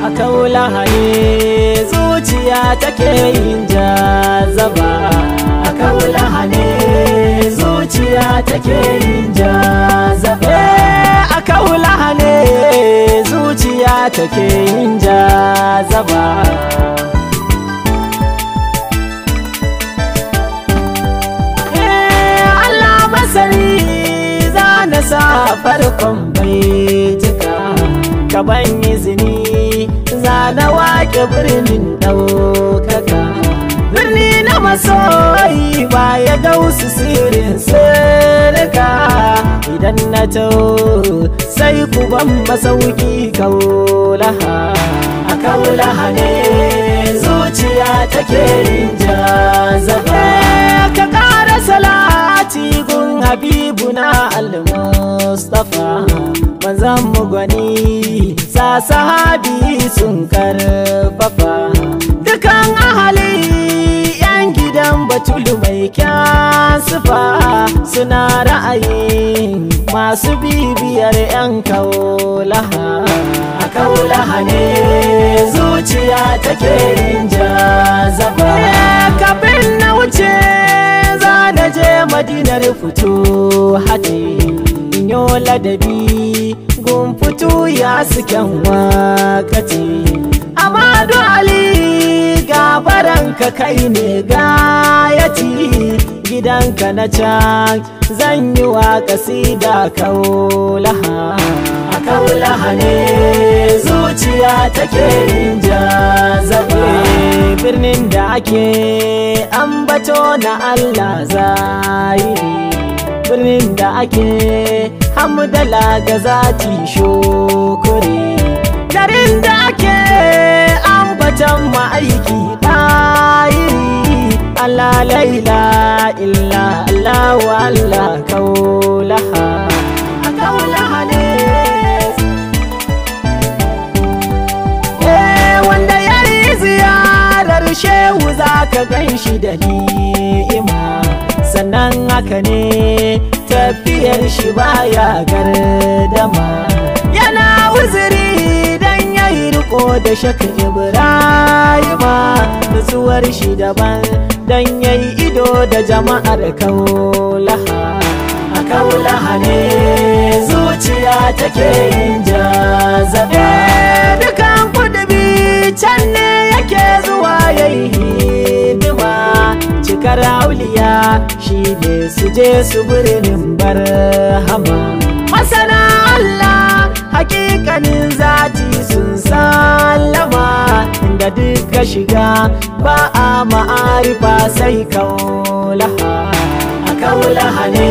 a kaula zuciya take yin jazaba a kaula zuciya take yin jazaba eh, a kaula zuciya take yin jazaba farkon baitika ka ban izini zana wake birnin ɗaukaka birni na masoyi ba ya wasu sirin sirika idan na tau sai ku ban masauki kaulaha a kaulaha ne zuciya take rinja zabe ka kara zan gwani sa sahabi sun karfafa dukan ahali yan gidan batulu mai kyan sufa suna ra'ayi masu bibiyar yan kaulaha a kaulaha ne zuciya take inja zafa kafin na wuce za madinar fito hati yola ladabi juya suken wakati amadu ali baranka kai ne gayati gidanka na can zan yi wa kasida kaulaha a kaulaha ne zuciya take yin jazabe birnin da ake ambato na allah zahiri birnin da ake hamdala ga zati shukuri garin da ake ambatan ma'aiki ɗayi ala laila illa Allah nan haka ne tafiyar shi baya gardama yana wuziri dan yayi riko da shaka ibrahima nutsuwar shi daban dan yayi ido da jama'ar kaulaha a kaulaha ne zuciya take yin jazabe dukan kudubi can ne yake zuwa yayi hidima cikar hauli shine su je su birnin hama. masana Allah hakikanin zati sun sallama inda duka shiga ba a ma'arifa sai kaulaha a kaulaha ne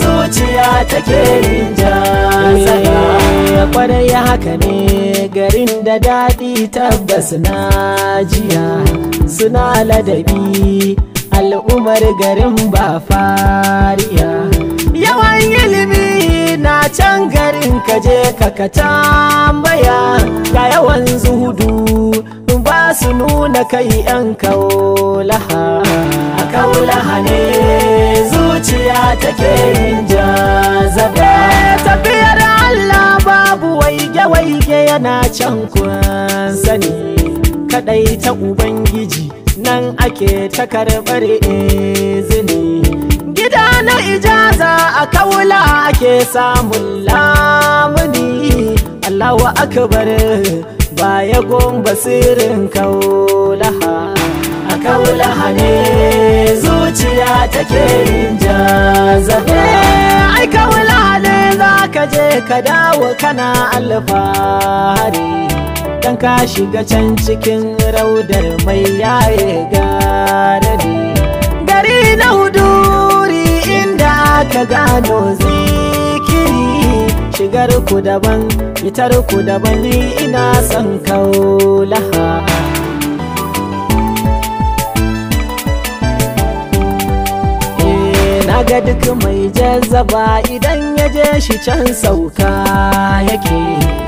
zuciya take yin jazaka ya haka ne garin da daɗi tabbas na jiya suna ladabi al'umar garin ba fariya yawan ilimi na can garin ka je ka ka tambaya ga yawan zuhudu ba su nuna kai yan kaulaha a kaulaha ne zuciya take yin jazabe tafiyar Allah babu waige-waige yana can kun sani kadai ta ubangiji nan ake ta karɓar izini gida na ijaza a kawula ake samun lamuni allahu akbar baya gomba sirrin kaulaha a kaulaha ne zuciya take yin jazabe ai kaulaha ne za ka je ka dawo kana alfahari kan ka shiga can cikin raudar mai yaye garari gari na huduri inda aka gano zikiri shigar ku daban fitar ku daban ni ina son kaulaha eh, ga duk mai jazzaba idan ya je shi can sauka yake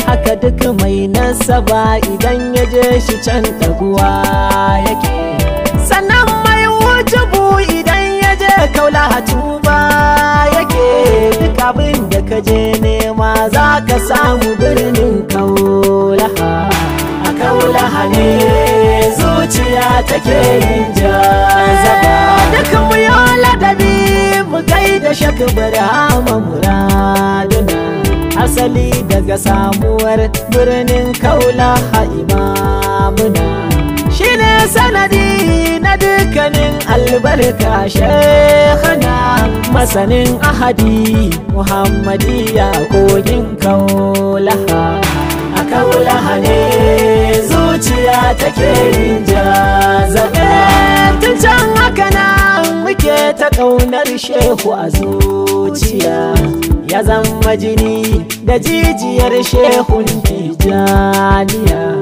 haka duk mai nasaba idan ya je shi can taguwa yake sannan mai wujubu idan ya je kaula tuba yake duk abin da ka je nema za ka samu birnin kaulaha a kaulaha ne zuciya take yin jazaba duk mu yi ladabi mu gaida shakbar hama murad asali daga samuwar birnin kaula imamuna shi ne sanadi na dukkanin albarka shekhana masanin ahadi ya kogin ha a ha ne zuciya take yin jazabe ƙaunar shehu a zuciya ya zama jini da jijiyar shehun tijaniya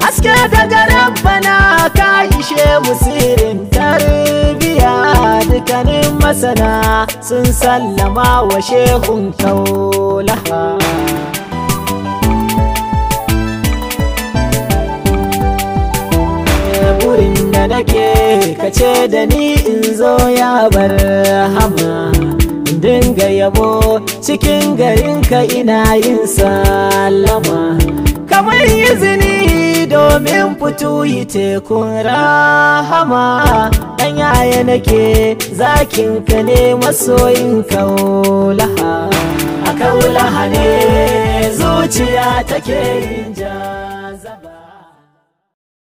haske daga rabbana ka yi shehu sirrin tarbiya dukkanin masana sun sallama wa shehun kaulaha nake kace da ni in zo ya bar hama dinga yabo cikin garinka ina yin salama kamar izini domin fito yi tekun rahama dan yaya nake zakin ka ne masoyin kaulaha a kaulaha ne zuciya take yin ja